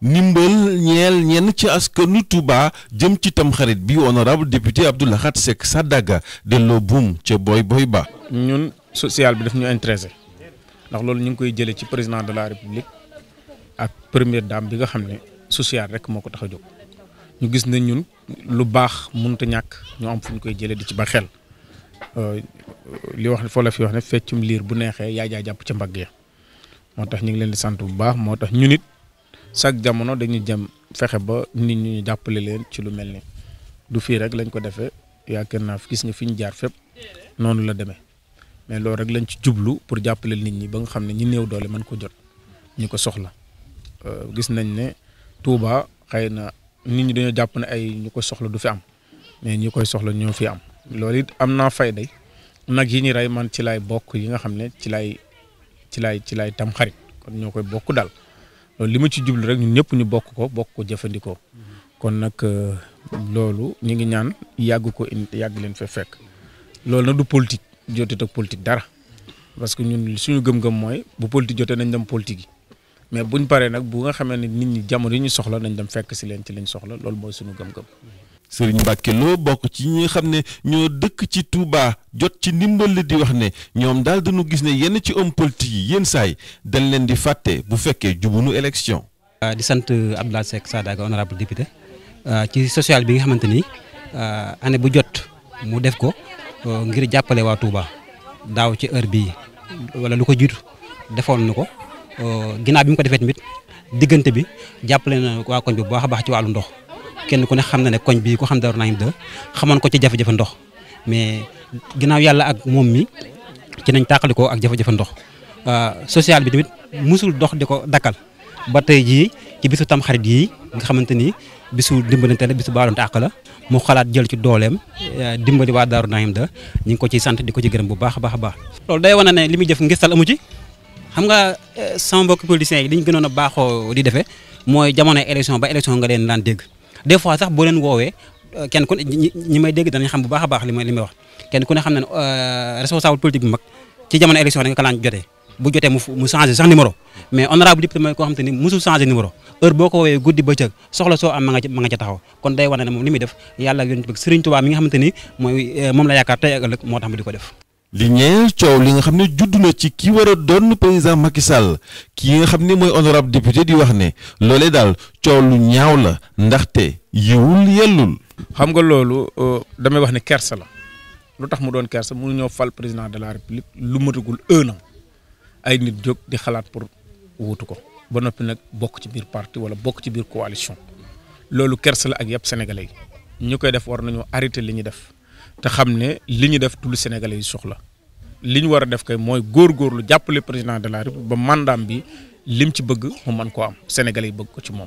ndimbal ñeel ñenn ci askanu Touba jëm ci tamxarit bi honorable député Abdou Lahad Seck Sadaga delloo buum ca boy boy ba. ñun social bi daf ñu intéressé ndax loolu ñu ngi koy jëlee ci président de la république ak premier dame bi nga xam ne social rek moo ko tax a jóg ñu gis ne ñun lu baax mënut ñàkk ñu am fu ñu koy jëlee di ci ba xel li wax foo la fi wax ne feccum liir bu neexee yaa jaa jàpp ca mbagg ya moo tax ñu ngi leen di sant bu baax moo tax ñun it chaque jamono dañuy jëm fexe ba nit ñi ñu jàppale leen ci lu mel ni du fii rek lañ ko defee yaakaar naa gis nga fi ñu jaar fépp noonu la demee mais loolu rek lañ ci jublu pour jàppale nit ñi ba nga xam ne ñi néew doole mën ko jot ñu ko soxla euh, gis nañ ne Touba xëy na nit ñi dañoo jàpp ne ay ñu ko soxla du fi am mais ñi koy soxla ñoo fi am loolu it am naa fayda nag yi ñu rey man ci laay bokk yi nga xam ne ci lay ci lay ci laay tam xarit kon ñoo koy bokk daal. loolu li ma ci jublu rek ñu ñëpp ñu bokk ko bokk ko jëfandikoo kon nag euh, loolu ñu ngi ñaan yàgg ko yàgg leen fa fekk loolu nag du politique jotee ak politique dara parce que ñun suñu gëm-gëm mooy bu politique jotee nañ dem politique yi mais bu buñ paree nag bu nga xamee ne nit ñi jamono yi ñu soxla nañ dem fekk si leen ci lañ soxla loolu mooy suñu gëm-gëm. sëriñ Mbàkke loo bokk ci ñi nga xam ne ñoo dëkk ci Touba jot ci ndimbal li di wax ne ñoom daal dañu gis ne yenn ci homme politique yi yenn saay dañ leen di fàtte bu fekkee jubunu élection. Ah, di sant euh, Abdoulaye Seck Sadaga honorable député ah, ci social bi nga xamante ni ah, année bu jot mu def ko euh, ngir jàppale waa Touba daaw ci heure bii wala lu ko jiitu defoon na ko euh, ginnaaw bi mu ko defee tamit diggante bi jàppale na waa koñ bi baax a baax ci wàllu ndox. kenn ku ne xam na ne koñ bii ko xam Darou Nahim 2 xamoon ko ci jafe-jafe ndox mais ginnaaw yàlla ak moom mi ci nañ tàqalikoo ak jafe-jafe euh, social bi tamit musul dox di ko dakkal ba tey jii ci bisu tamxarit yi nga xamante ni bisu dimbalante la bisu baalonte àq la mu xalaat jël ci dooleem euh, dimbali waa Darou Nahim 2 ñu ngi ko ciy sant di ko ci gërëm bu baax a baax a baax. loolu day wane ne li muy jëf ngistal amu ci xam nga euh, sama mbokki politiciens yi li ñu gënoon a baaxoo di defee mooy jamono élection ba élection nga leen daan dégg. des fois sax bo len wowe euh, kenn ku ñi may dégg dañ xam bu baaxa baax li may li may wax kenn ku ne xam na euh responsable politique bu mag ci jamono élection nga lañ jotee bu jotee mu mu changer sax numéro mais honorable député may ko xam te ni musul numéro heure boko wowe goudi guddi ak soxla so am ma nga ma nga ca taxaw kon day wone ne moom li def yalla ak yonent bi serigne touba mi nga xamante ni mooy euh, moom la yakkar tay ak ëllëg moo tax mu diko def li ñeel coow li nga xam ne judd na ci ki war a doon président Macky Sall ki nga xam ne mooy honorable député di wax ne loolee daal coow lu ñaaw la ndaxte yiwul yellul. xam nga loolu euh, damay wax ne kersa la lu tax mu doon kersa mu ñëw fal président de la république lu matagul un ay nit jóg di xalaat pour wuutu ko ba noppi nag bokk ci biir parti wala bokk ci biir coalition loolu kersa la ak yëpp sénégalais yi ñu koy def war nañoo arrêté li ñuy def. te xam ne li ñu def tout Sénégalais yi soxla li ñu war a def kay mooy góor lu jàppale président de la République ba mandaam bi lim ci bëgg mu man ko am Sénégalais yi bëgg ko ci moom.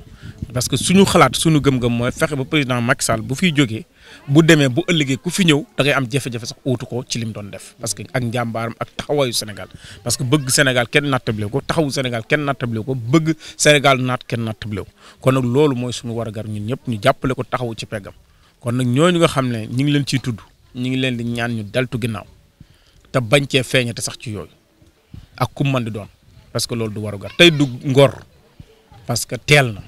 parce que suñu xalaat suñu gëm-gëm mooy fexe ba président Macky Sall bu fiy jógee bu demee bu ëllëgee ku fi ñëw da ngay am jafe-jafe sax uutu ko ci lim doon def. parce que ak njàmbaaram ak taxawaayu Sénégal parce que bëgg Sénégal kenn nattable ko taxawu Sénégal kenn nattable ko bëgg Sénégal naat kenn nattable ko kon nag loolu mooy suñu war gar ñun ñëpp ñu jàppale ko taxawu ci peggam kon ciy tudd ñu ngi leen di ñaan ñu daltu ginnaaw te bañ cee feeñate sax ci yooyu ak ku mën di doon parce que loolu du waru gar tey du ngor parce que teel na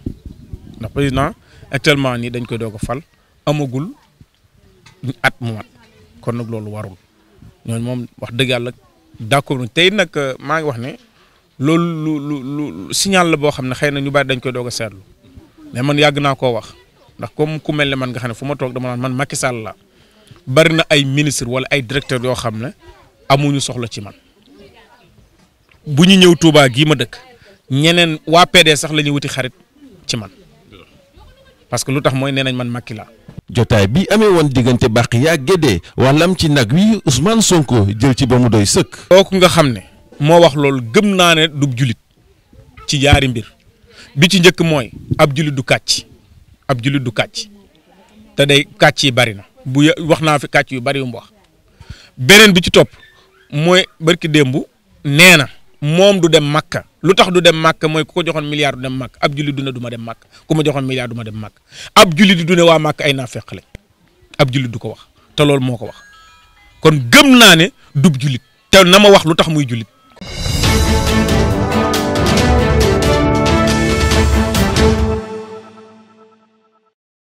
ndax président actuellement nii dañ koy doog a fal amagul at mu mat kon nag loolu warul ñooñu moom wax dëgg yàlla d'accord tey nag euh, maa ngi wax ne loolu lu lu lu signal la boo xam ne xëy na ñu bari dañ koy doog a seetlu mais man yàgg naa koo wax ndax comme ku mel ne man nga xam ne fu ma toog dama naan man Macky Sall la bari na ay ministre wala ay directeur yoo xam ne amuñu soxla ci man bu ñu ñëw tuubaa gii ma dëkk ñeneen waa PD sax lañuy wuti xarit ci man parce que lu tax mooy nee nañ man Macky laa jotaay bi amee woon diggante bàq yaa gédee wàllam ci nag wi Ousmane Sonko jël ci ba mu doy sëkk. kooku nga xam ne moo wax loolu gëm naa ne du jullit ci yaari mbir bi ci njëkk mooy ab julit du kàcc ab jullit du kàcc te day kàcc yi bari na. bu wax naa fi yu bari yu mu beneen bi ci topp mooy barki démb nee na moom du dem màkka lu tax du dem màkka mooy ku ko joxoon milliard du dem màkk ab jullit du ne du dem màkk ku ma joxoon milliard du dem màkk ab jullit du ne waa màkk ay naa naafeq le ab jullit du ko wax te loolu moo ko wax kon gëm naa ne dub jullit te na ma wax lu tax muy jullit